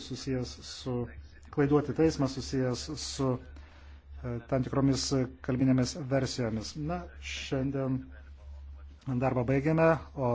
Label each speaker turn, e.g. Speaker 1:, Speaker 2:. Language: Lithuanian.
Speaker 1: susijęs su klaiduoti teismą susijęs su e, tam tikromis kalbinėmis versijomis. Na, šiandien darbą
Speaker 2: baigėme, o